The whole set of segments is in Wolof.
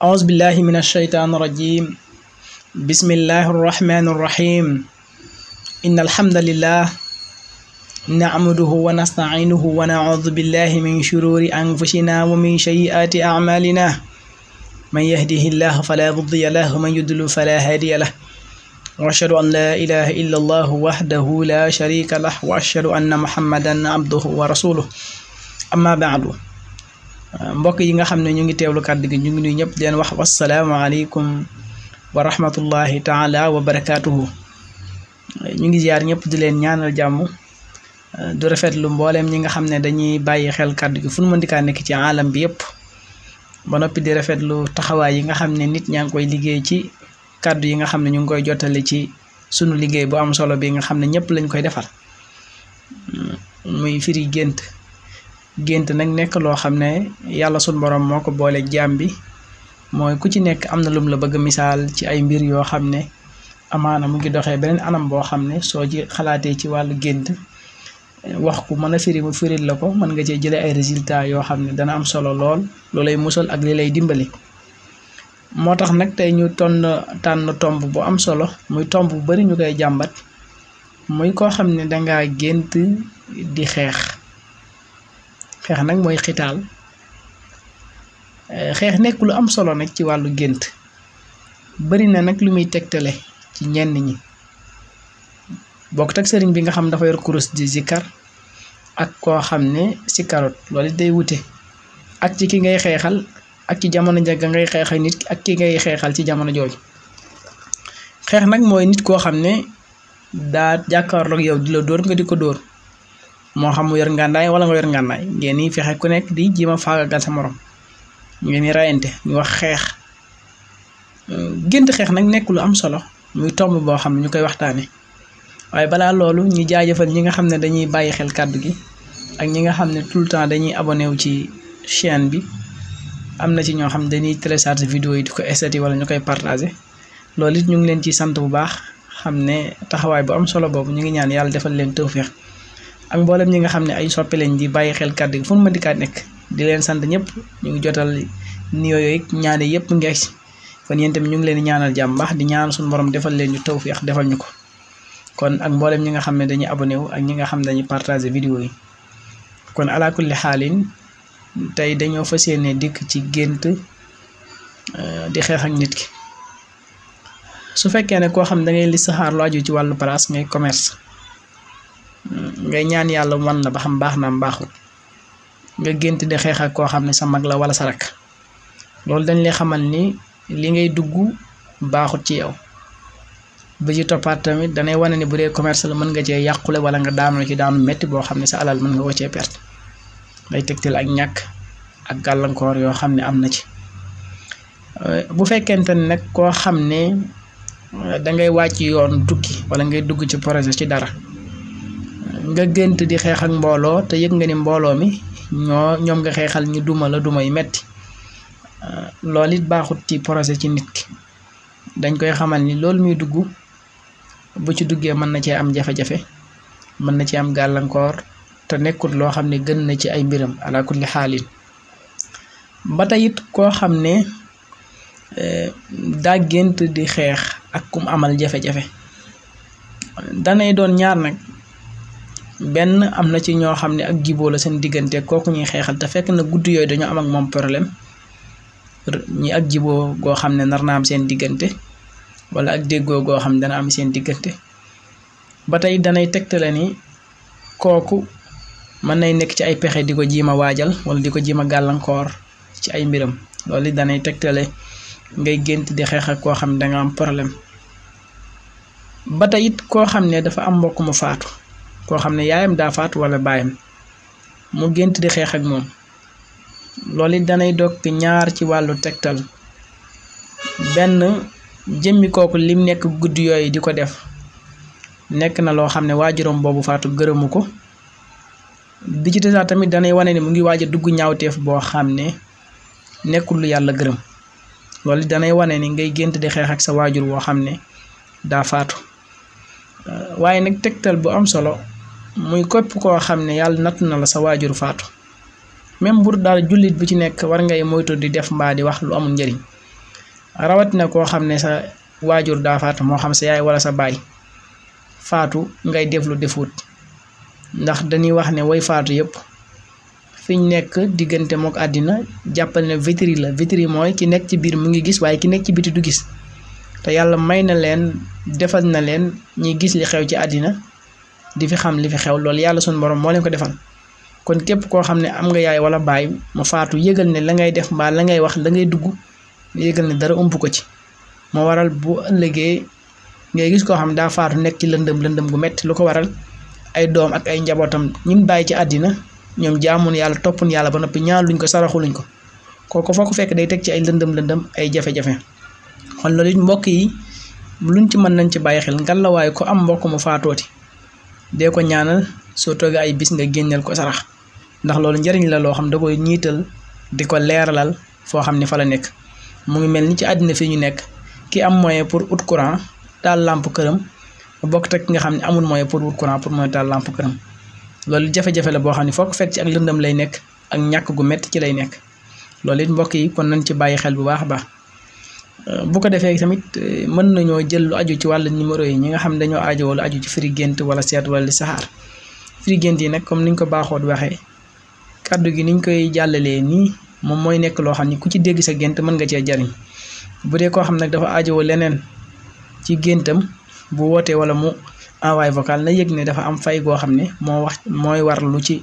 أعوذ بالله من الشيطان الرجيم بسم الله الرحمن الرحيم إن الحمد لله نعمده ونستعينه ونعوذ بالله من شرور أنفسنا ومن سيئات أعمالنا من يهده الله فلا مضي له ومن يضلل فلا هادي له وأشهد أن لا إله إلا الله وحده لا شريك له وأشهد أن محمدا عبده ورسوله أما بعد Euh, mbokk yi nga xam ne ñu ngi teewlu kàddu gi ñu ngi nuyu ñëpp di leen wax wasalaamaaleykum wa rahmatullahi taala wa barakaatuhu euh, ñu ngi ziar ñëpp di leen ñaanal jàmm euh, du rafetlu mbooleem ñi nga xam ne dañuy bàyyi xel kàddu gi fu nu mën di nekk ci alam bi yëpp ba noppi di rafetlu taxawaay yi nga xam ne nit ñaa ngi koy liggéey ci kàddu yi nga xam ne ñu ngi koy jottale ci sunu liggéey bu am solo bi nga xam ne ñëpp lañ koy defar hmm, muy firi gént gént nag nekk loo xam ne yàlla sun borom moo ko boole jaam bi mooy ku ci nekk am na lum la bëgg misaal ci ay mbir yoo xam ne amaana mu ngi doxee beneen anam boo xam ne soo ci xalaatee ci wàllu gént wax ku mën a firi mu firil la ko mën nga cee jëlee ay résultats yoo xam ne dana am solo lool loo lay musal ak li lay dimbali. moo tax nag tey ñu ton tànn tomb bu am solo muy tomb bu bari ñu koy jàmbat muy koo xam ne dangaa gént di xeex. xeex nag mooy xitaal eh, xeex nekk lu am solo nag ci wàllu gént bari na nag lu muy tegtale ci ñenn ñi bokk tak sëriñ bi nga xam dafa yor kurus di zikkar ak koo xam ne si karot loolu day wute ak ci ki ngay xeexal ak ci jamono jaga ngay xeexal nit ak ki ngay xeexal ci jamono jooju xeex nag mooy nit koo xam ne daa jàkkaarloog yow di la dóor nga di ko dóor moo xam mu yor ngàndaay wala nga yor ngàndaay ngeen ni fexe ku nekk di jéem a faagagal sa morom ngeen ni rayante ñu wax xeex gént xeex nag nekk lu am solo muy tomb boo xam ne ñu koy waxtaane waaye balaa loolu ñu jaajëfal ñi nga xam ne dañuy bàyyi xel kàddu gi ak ñi nga xam ne tout le temps dañuy abonné wu ci chaîne bi am na ci ñoo xam dañuy télécharge video yi di ko estati wala ñu koy partagé loolu it ñu ngi leen ci sant bu baax xam ne taxawaay bu am solo boobu ñu ngi ñaan yàlla defal leen tawféex am mboolem ñi nga xamne ay soppe lañ di bayyi xel kaddu fu mu mën di kaa nekk di leen sant ñep ñu ngi jotal nuyoo yoy ñaane ñaané yep si kon yéen tamit ñu ngi leen di ñaanal jàmm bax di ñaan suñu borom defal leen ñu tawfiq defal ñuko kon ak mbolam ñi nga xamne dañuy abonné wu ak ñi nga xamne dañuy partager vidéo yi kon ala kulli halin tay dañoo fassiyene dik ci gënt euh di xex ak nit ki su fekkee ne koo xam da ngay li sahar lo aju ci walu place ngay commerce ngay ñaan yàlla wan la ba xam baax naam baaxul nga gént di xeex koo xam ne sa mag la wala sa rakk loolu dañ lay xamal ni li ngay dugg baaxut ci yow ba ci toppaat tamit danay wane ni bu dee commerce la mën nga cee yàqule wala nga daanoo ci daanu métti boo xam ne sa alal mën nga ko cee perte day tegtal ak ñàkk ak gàllankoor yoo xam ne am na ci euh, bu fekkente ne nag koo xam ne euh, dangay wàcc yoon tukki wala ngay dugg ci projet ci dara nga gént di xeex ak mbooloo te yëg nga ni mbooloo mi ñoo ñoom nga xeexal ñu duma la duma yu metti euh, loolu it baaxut ci projet ci nit ki dañ koy xamal ni loolu muy dugg bu ci duggee mën na cee am jafe-jafe mën na ci am gàllankoor te nekkut loo xam ne gën na ci ay mbiram ala kulli xaalin ba teyit koo xam ne euh, daa gént di xeex ak kum amal jafe-jafe danay doon ñaar nag benn am na ci ñoo xam ne ak jiboo la seen diggante kooku ñuy xeexal te fekk na gudd yooyu dañoo am ak moom problème ñi ak jiboo goo xam nar naa am seen diggante wala ak déggoo goo xam dana am seen diggante ba tey danay tegtale ni kooku mën nay nekk ci ay pexe di ko wajal waajal wala di ko jiima gàllankoor ci ay mbiram loolu danay tegtale ngay gént di xeex ak koo xam ne nga am problème ba tey it koo xam dafa am mbokk faatu koo xam ne yaayam daa faatu wala baayam mu gént di xeex ak moom loolu it danay dog ñaar ci wàllu tegtal benn jëmmi kooku lim nekk guddi yooyu di ko def nekk na loo xam ne waajuram boobu faatu gërëmu ko di ci desaat tamit danay wane ne mu ngi waaj a dugg ñaawteef boo xam ne nekkul lu yàlla gërëm loolu danay wane ni ngay gént di xeex ak sa waajur woo xam ne daa faatu waaye nag tegtal bu am solo muy kopp koo xam ne yàlla natt na la sa waajur faatu même bur daal jullit bi ci nekk war ngay moytu di def mbaa di wax lu amul njariñ rawatina koo xam ne sa waajur daa faatu moo xam sa yaay wala sa baay faatu ngay def lu defuut ndax dañuy wax ne woy faatu yépp fiñ nekk diggante mook àddina jàppale ne vitri la vitri mooy ki nekk ci biir mu ngi gis waaye ki nekk ci biti du gis te yàlla may na leen defal na leen ñi gis li xew ci àddina di fi xam li fi xew loolu yàlla sunu borom moo leen ko defal kon képp koo xam ne am nga yaay wala bàyyi mu faatu yëgal ne la ngay def mbaa la ngay wax la ngay dugg yëgal ne dara ëmb ko ci moo waral bu ëllëgee ngay gis koo xam ne daa faatu nekk ci lëndëm lëndëm gu metti lu ko waral ay doom ak ay njabootam ñun bàyyi ci àddina ñoom jaamun yàlla toppun yàlla ba noppi ñaar luñ ko saraxuluñ ko kooku foo fekk day teg ci ay lëndëm lëndëm ay jafe-jafe kon loolu mbokk yi luñ ci mën nañ ci bàyyi xel ngan la waaye ko am mbokk mu faatooti dee ko ñaanal soo toogee ay bis nga génneel ko sarax ndax loolu njariñ la loo xam da koy ñiital di ko leeralal foo xam ni fa la nekk mu ngi mel ni ci àddina fii ñu nekk ki am moyen pour ut courant taal làmp këram bokk ak ki nga xam ne amul moyen pour wut courant pour mën taal làmp këram loolu jafe-jafe la boo xam ne foo ko ci ak lëndam lay nekk ak ñàkk gu metti ci lay nekk loolu it mbokk yi kon nañ ci bàyyi xel bu baax a baax bu ko defee tamit eh, mën nañoo jël lu aju ci wàll numéro yi ñi nga xam dañoo aajo wala aju ci firi gént wala seet wala li saxaar firi gént yi nag comme niñ ko baaxoot waxee kàddu gi niñ koy jàllalee nii moom mooy nekk loo xam ni ku ci dégg sa gént mën nga cee jariñ bu dee koo xam nag dafa aajowoo leneen ci géntam bu wootee wala mu envoyé vocal na yëg ne dafa am fay goo xam ne moo wax mooy war ci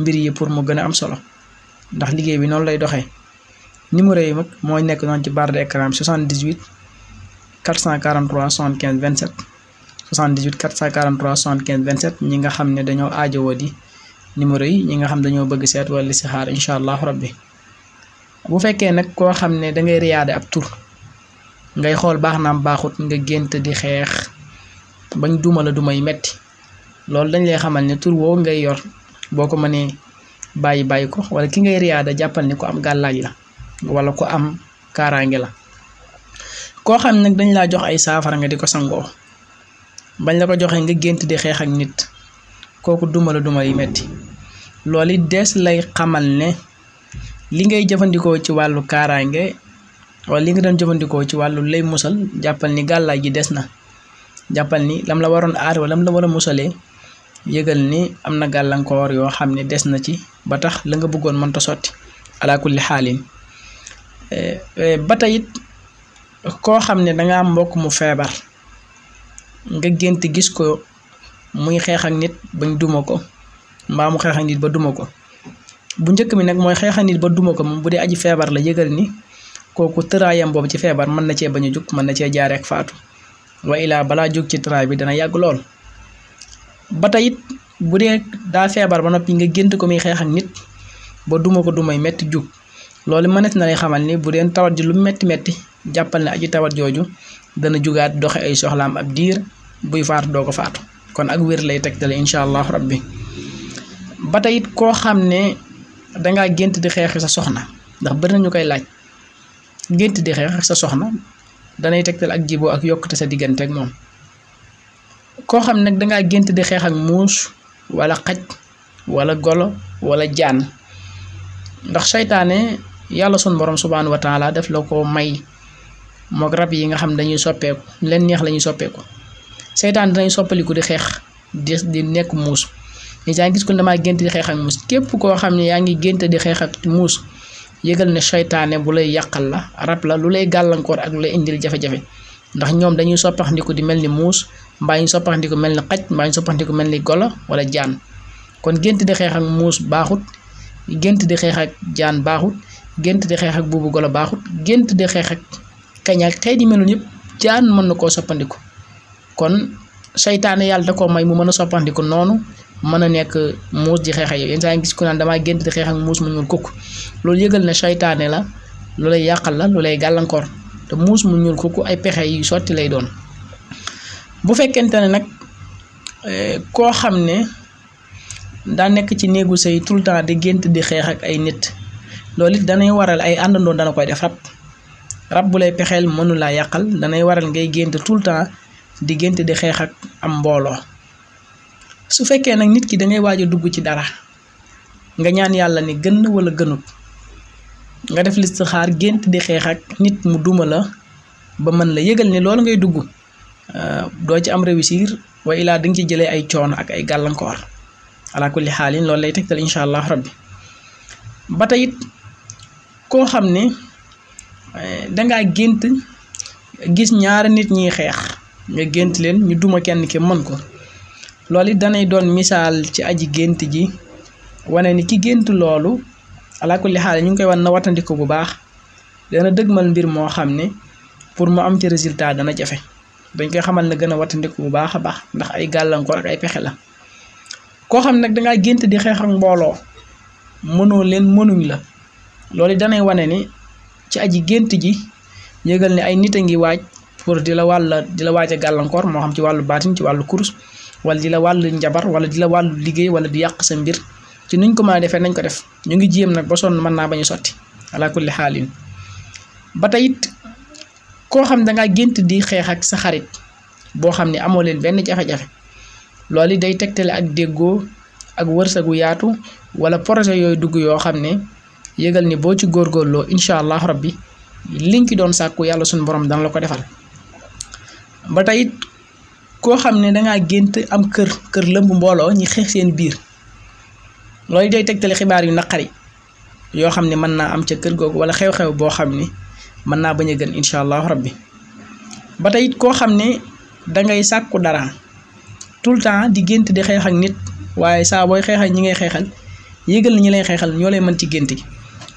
mbir yi pour mu gën a am solo ndax liggéey bi noonu lay doxee numéro yi mag mooy nekk noonu ci barre d'écran bi 78 443 75 27 78 443 75 27 ñi nga xam ne dañoo ajawoo di numéro yi ñi nga xam dañoo bëgg seet wala si xaar incha allah rabbi bu fekkee nag koo xam ne dangay ngay ab tur ngay xool baax naam baaxut nga gént di xeex bañ duma la duma yi metti loolu dañ lay xamal ne tur woo ngay yor boo ko mënee bàyyi bàyyi ko wala ki ngay riyaada jàppal ni ko am gàllaaj la wala ku am kaaraange la koo xam nag dañ laa jox ay saafara nga di ko sangoo bañ la ko joxee nga gént di xeex ak nit kooku duma la duma yi metti loolu it des lay xamal ne li ngay jëfandikoo ci wàllu kaaraange wala li nga doon jëfandikoo ci wàllu lay musal jàppal ni gàllaay ji des na jàppal ni lam la waroon aar wala lam la war a musalee yëgal ni am na gàllankoor yoo xam ne des na ci ba tax la nga bëggoon mënta sotti alaakulli xaalin Eh, eh, ba tey koo xam ne danga am mbokk mu feebar nga gént gis ko muy xeexak nit bañ duma ko mbaa mu xeex ak nit ba duma ko bu njëkk mi nag mooy xeex ak nit ba duma ko moom bu dee aji feebar la yëgal ni kooku tëraayam boobu ci feebar mën na cee bañ a jug mën na cee jaaree ak faatu wa ilaa balaa jóg ci tëraay bi dana yàgg lool ba tey bu dee daa feebar ba noppi nga gént ko muy xeexak nit ba duma ko dumay metti jóg loolu mënees na lay xamal ni bu deen tawat ji lu metti metti jàppal ne aji tawat jooju dana jugaat doxe ay soxlaam ab diir buy faat doo ko faatu kon ak wér lay tegtale incha allahu rabbi ba tey it koo xam ne dangaa gént di xeex sa soxna ndax bëri nañu koy laaj gént di xeex sa soxna danay tegtal ak jiboo ak yokkute sa diggante ak moom koo xam nag dangaa gént di xeex ak muus wala xaj wala golo wala jaan ndax seytaane yàlla sunu borom subhaanahu wa taala daf la ko may moog rab yi nga xam dañuy soppeeku leen neex la ñuy soppeeku seytaan dinañ soppaliku di xeex di di nekk muus yaa ngi gis ko damaa gént di xeex ak muus képp koo xam ne yaa ngi gént di xeex muus yëgal ne seytaane bu lay yàqal la rab la lu lay gàllankoor ak lay indil jafe-jafe ndax ñoom dañuy soppaxndiku di mel ni muus mbaa ñu soppaxndiku mel ni xaj mbaa ñu soppaxndiku mel ni golo wala jaan kon gént di xeex ak muus baaxut gént di xeex ak jaan baaxut gént di xeex ak buubu golo baaxut gént di xeex ak kañ ak di yi meloon yëpp jaan mën na koo soppandiku kon seytaane yàlla da koo may mu mën a soppandiku noonu mën a nekk muus di xeex ak yow yenn saa gis ku naan damaa gént xeex ak muus mu ñuul kukk loolu yëgal ne seytaane la lu yàqal la lu gàllankoor te muus mu ñuul kukk ay pexe yu sotti lay doon bu fekkente ne nag eh, koo xam ne daa nekk ci néegu sëy tout le temps di gént di xeex ak ay nit. loolu it danay waral ay àndandoo dana koy def rab rab bu lay pexeel mënu yàqal danay waral ngay gént tout le temps di gént di xeex ak am mbooloo su fekkee nag nit ki dangay waaj a dugg ci dara nga ñaan yàlla ni gën wala gënut nga def listixaar gént di xeex ak nit mu duma la ba mën la yëgal ni loolu ngay dugg euh, doo ci am réussir wa ilaa di nga ci jëlee ay coono ak ay gàllankoor ala kulli xaalin loolu lay tegtal incha allah rabbi ba koo xam ne eh, dangaa gént gis ñaari nit ñiy xeex nga gént leen ñu duma kenn ki mën ko loolu it danay doon misaal ci aji gént ji wane ni ki gént loolu alaa kulli xaal ñu ngi koy wan na wattandiku bu baax dana dëgmal mbir moo xam ne pour mu am ci résultat dana jafe dañ koy xamal na gën a wattandiku bu baax a baax ndax ay gàllankoor ak ay pexe la koo xam nag dangay gént di xeex mbooloo mënoo leen mënuñ la loolu danay wane ni ci aji gént ji yëgal ne ay nit a ngi waaj pour di la wàll di la waaj a gàllankoor moo xam ci wàllu baatin ci wàllu kurus wala di la wàllu njabar wala di la wàllu liggéey wala di yàq sa mbir ci nuñ ko mën a defee nañ ko def ñu ngi jéem nag ba son mën naa bañu sotti ala kulli xaalin ba tey it koo xam da ngaa gént di xeex ak sa xarit boo xam ne amoo leen benn jafe-jafe loolu day tegtale ak déggoo ak wërsëgu yaatu wala projet yooyu dugg yoo xam ne yëgal ni boo ci góor góorgóorloo incha allah rabbi liñ ki doon sàkku yàlla suñu borom dana la ko defal ba tey it koo xam ne dangaa gént am kër kër lëmb mbooloo ñi xeex seen biir loolu day tegtale xibaar yu naqari yoo xam ne mën naa am ca kër googu wala xew-xew boo xam ni mën naa bañ a gën incha allah rabbi ba tey koo xam ne dangay sàkku dara tout le temps di gént di xeex ak nit waaye saa booy xeexal ñi ngay xeexal yëgal na ñi lay xeexal ñoo lay mën ci gént gi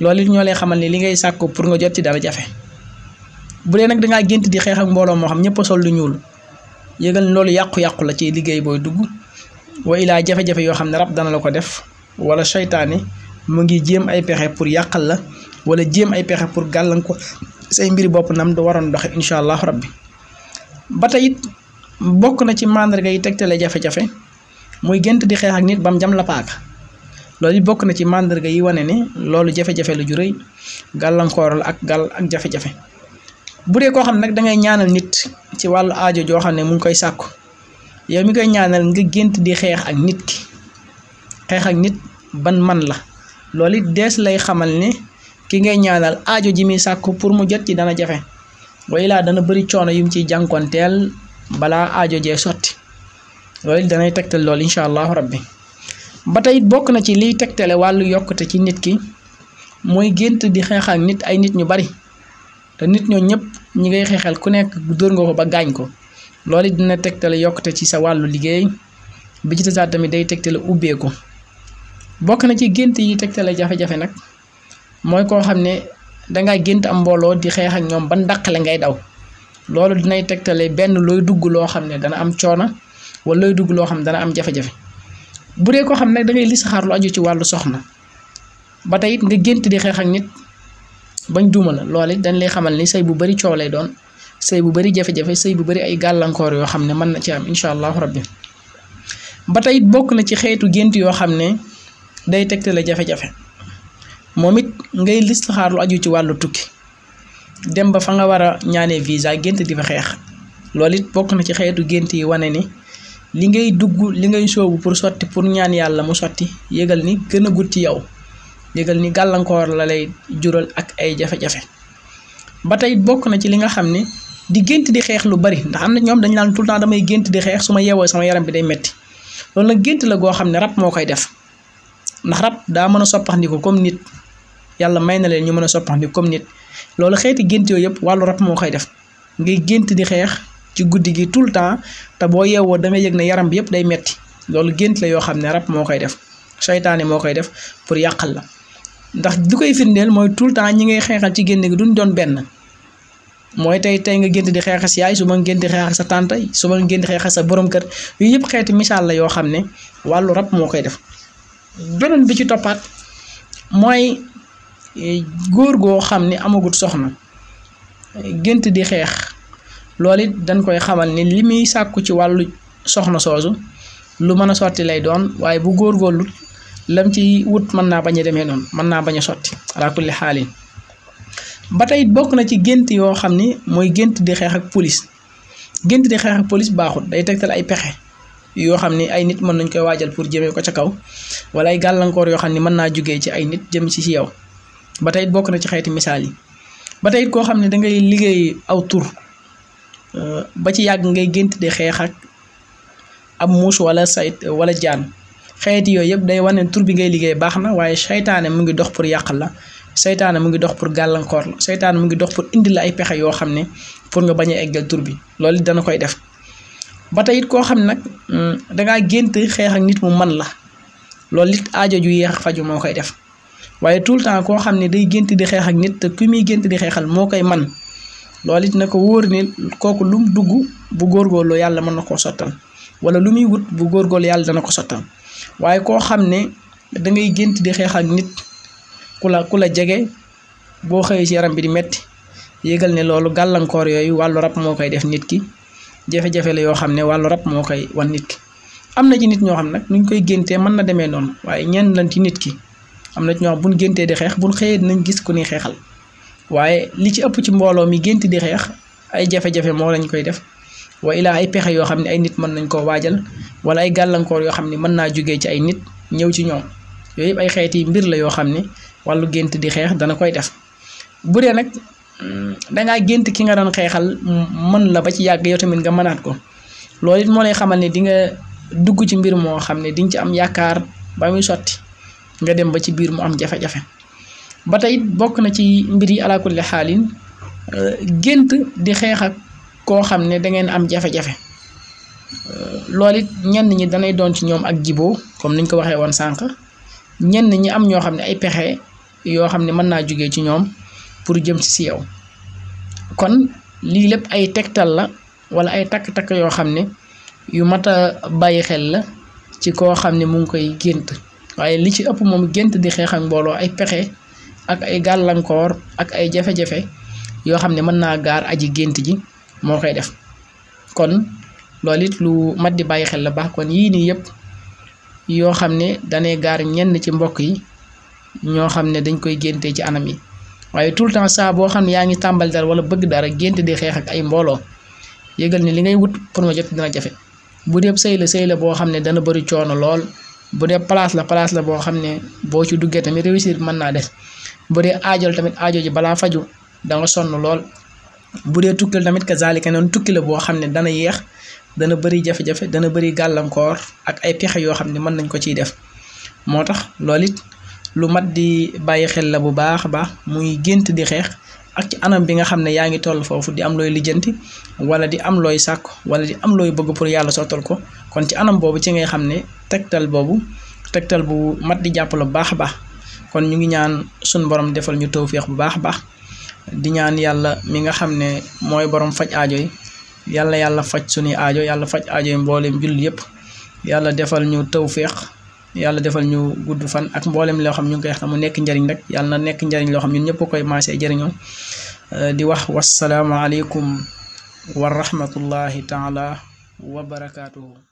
Lolil it ñoo xamal ni li ngay sakku pour nga jot ci dara jafe bu nak da nga gënt di xeex ak mbolo mo xam ñepp sol lu ñuul yaqku yaqku la ci liggéey boy dugg wa ila jafé jafe yo xam rab dana la ko def wala shaytané mu ngi jëm ay pexé pour yaqal la wala jëm ay pexé pour ko say mbiri bop nam do waron doxe inshallah allah rabbi ba bokk na ci mandarga yi tegtale jafe-jafe muy gënt di xeex ak nit bam jam la paaka loolu bokk na ci mandarga yi wane ne loolu jafe-jafe la ju rëy gàllankoor la ak gàll ak jafe-jafe bu dee koo xam nag da ngay ñaanal nit ci wàllu aajo joo xam ne mu ngi koy sàkku yow mi koy ñaanal nga gént di xeex ak nit ki xeex ak nit ban man la loolu it dees lay xamal ne ki ngay ñaanal aajo ji muy sàkku pour mu jot ci dana jafe way laa dana bëri coono yu mu ciy jànkonteel balaa aajo jee sotti loolu it danay tegtal loolu incha allahu rabbi ba tey bokk na ci liy tegtale wàllu yokkute ci nit ki mooy gént di xeex nit ay nit ñu bari te nit ñoo ñëpp ñi ngay xeexal ku nekk dóor nga ko ba gaañ ko loolu dina tegtale yokkute ci sa wàllu liggéey bi ci tasaat tamit day tegtale ubbeeku bokk na ci gént yi tegtale jafe-jafe nag mooy koo xam ne dangaa gént am mbooloo di xeex ak ñoom ban la ngay daw loolu dinay tegtale benn looy dugg loo xam ne dana am coona wala looy dugg loo xam ne dana am jafe bu dee koo xam ne da ngay listixaar lu aju ci wàllu soxna ba tey it nga gént di xeex ak nit bañ duuma la loolu it dañ lay xamal ni sëy bu bari coow lay doon sëy bu bari jafe-jafe sëy bu bari ay gàllankoor yoo xam ne mën na ci am incha allah rabbi ba it bokk na ci xeetu gént yoo xam ne day tegtale jafe-jafe moom it ngay listixaar lu aju ci wàllu tukki dem ba fa nga war a ñaanee visa gént di fa xeex loolu it bokk na ci xeetu gént yi wane ni. li ngay dugg li ngay soobu pour sotti pour ñaan yàlla mu sotti yëgal ni gën a gut yow yëgal ni gàllankoor la lay jural ak ay jafe-jafe ba tey bokk na ci li nga xam ne di gént di xeex lu bari ndax am na ñoom dañu naan tout temps damay gént di xeex su ma yeewoo sama yaram bi day metti loolu nag gént la goo xam ne rab moo koy def ndax rab daa mën a soppaxndiku comme nit yàlla may na leen ñu mën a soppaxndiku comme nit loolu xeeti gént yooyu yëpp wàllu rab moo koy def ngay gént di xeex ci guddigi tout le temps te boo yeewoo damay yëg ne yaram bi yep day metti lolou gënt la yo xamne rap mo koy def shaytané mo koy def pour yakal la ndax du koy firndeel mooy tout temps ñi ngay xéxal ci gënne gi duñ doon ben moy tay tay nga gënt di xeexas yaay suma gënt gént di xeexas sa tante suma gënt di xeexas sa borom kër yu yep xéti misal la koy def benen bi ci topat moy eh, go xamne amagut soxna gënt di loolu it dañ koy xamal ni li muy sàkku ci wàllu soxna soosu lu mën a sotti lay doon waaye bu góor góorgóorlu lam ci wut mën naa bañ a demee noonu mën naa bañ a sotti ala kulli xaalin ba tey bokk na ci gént yoo xam ni mooy gént di xeex ak police gént di xeex ak police baaxul day tegtal ay pexe yoo xam ni ay nit mën nañ koy waajal pour jëmee ko ca kaw wala ay gàllankoor yoo xam ni mën naa jógee ci ay nit jëm ci si yow ba tey bokk na ci xeeti misaal yi ba tey koo xam ne dangay liggéey aw tur. Euh, ba ci yàgg ngay gént di xeex ak ab muus wala sayt wala jaan xeeti yooyu yëpp day wane tur bi ngay liggéey baax na waaye saytaane mu ngi dox pour yàq la saytaane mu ngi dox pour gàllankoor la mu ngi dox pour indi la ay pexe yoo xam ne pour nga bañ a eggal tur bi loolu dana koy def ba tey it koo xam nag hmm, dangaa gént xeex ak nit mu man la loolu it aajo ju yéex faju moo koy def waaye tout le temps koo xam ne day gént di xeex ak nit te ku muy gént di xeexal moo koy man loolu it na ko wóor ne kooku lu mu dugg bu góor góorgóorloo yàlla mën na koo sottal wala lu muy wut bu góorgóorlu yàlla dana ko sottal waaye koo xam ne dangay gént di xeex ak nit ku la ku la jege boo xëyee ci yaram bi di metti yégal ne loolu gàllankoor yooyu wàllu rab moo koy def nit ki jafe-jafe la yoo xam ne wàllu rab moo koy wan nit ki am na ci nit ñoo xam nag nuñ koy géntee mën na demee noonu waaye ñenn lan ci nit ki am na ci ñoo xam buñ géntee di xeex buñ xëyee dinañ gis ku ni xeexal waaye li ci ëpp ci mbooloo mi gént di xeex ay jafe-jafe moo lañ koy def wa ilaa ay pexe yoo xam ne ay nit mën nañ koo waajal wala ay gàllankoor yoo xam ni mën naa jógee ci ay nit ñëw ci ñoom yooyu yëpp ay xeeti mbir la yoo xam ni wàllu gént di xeex dana koy def bu dee nag mm, dangay gént ki nga doon xeexal mën la ba ci yàgg yow tamit nga mënaat ko loolu it moo lay xamal ne di nga dugg ci mbir moo xam ne di ci am yaakaar ba muy sotti nga dem ba ci biir mu am jafe ba tey bokk na ci mbir yi ala kulli xaalin euh, gént di xeexak koo xam ne dangeen am jafe-jafe euh, loolu it ñenn ñi danay doon ci ñoom ak jiboo comme niñ ko waxee woon sànq ñenn ñi am ñoo xam ne ay pexe yoo xam ne mën naa jóge ci ñoom pour jëm si si yow kon lii lépp ay tegtal la wala ay takk-takk yoo xam ne yu mat a bàyyi xel la ci koo xam ne mu ngi koy gént waaye li ci ëpp moom gént di xeex ak mbooloo ay pexe ak ay gàllankoor ak ay jafe-jafe yoo xam ne mën naa gaar aji gént ji moo koy def kon loolu it lu mat di bàyyi xel la baax kon yii nii yëpp yoo xam ne danay gaar ñenn ci mbokk yi ñoo xam ne dañ koy géntee ci anam yi waaye tout le temps saa boo xam ne yaa ngi tàmbali dara wala bëgg dara gént di xeex ak ay mbooloo yëgal ne li ngay wut pour ma jot dina jafe bu dee sëy la sëy la boo xam ne dana bëri coono lool bu dee place la place la boo xam ne boo ci duggee tamit réussir mën naa des bu dee aajo tamit aajo ji balaa faju da sonn lool bu dee tukkal tamit kazalika noonu tukki la boo xam ne dana yéex dana bëri jafe-jafe dana bëri gàllankoor ak ay pexe yoo xam ne mën nañ ko ciy def moo tax lool it lu mat di bàyyi xel la bu baax a baax muy gént di xeex ak ci anam bi nga xam ne yaa ngi toll foofu di am looy lijjanti wala di am looy sàkk wala di am looy bëgg pour yàlla sottal ko kon ci anam boobu ci ngay xam ne tegtal boobu tegtal bu mat di jàppale bu baax a baax. kon ñu ngi ñaan sun borom defal ñu tawfiq bu baax baax di ñaan yalla mi nga xamne moy mooy borom faj aajo yalla yalla yàlla faj suñu aajo yalla faj aajo yi mbooleem jullit yépp yàlla defal ñu tawfiq yalla defal ñu gudd fan ak mboolem lo xam ñu ngi koy xam mu nekk njariñ rek yalla na nekk njariñ lo xam ñun ñëpp koy maase jariñoo di wax wassalamu alaikum wa taala wa barakatuh